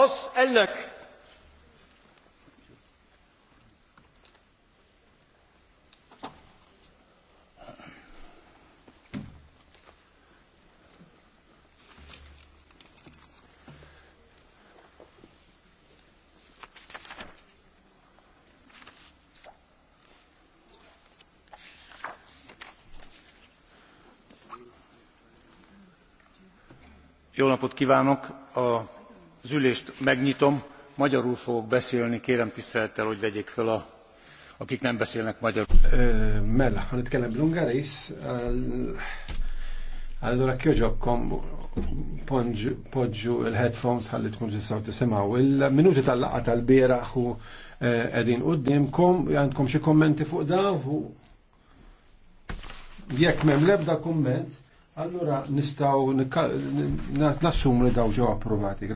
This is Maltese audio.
Os elnök! Jó napot kívánok! A Az ülést megnyitom, magyarul fogok beszélni, kérem tisztelettel, hogy vegyék fel a akik nem beszélnek magyarul. Mela, għan Lungaris, bl-Ungaris, eh, għallura kjoġokkom poġġu il-headphones għalli tkun ġistaw tisimaw. Il-minuti tal-laqa tal-bieraħ u għedin eh, qoddimkom, għandkom xie kommenti fuq daw hu. jekk mem lebda komment, allura nistaw nassum li daw ġew approvati.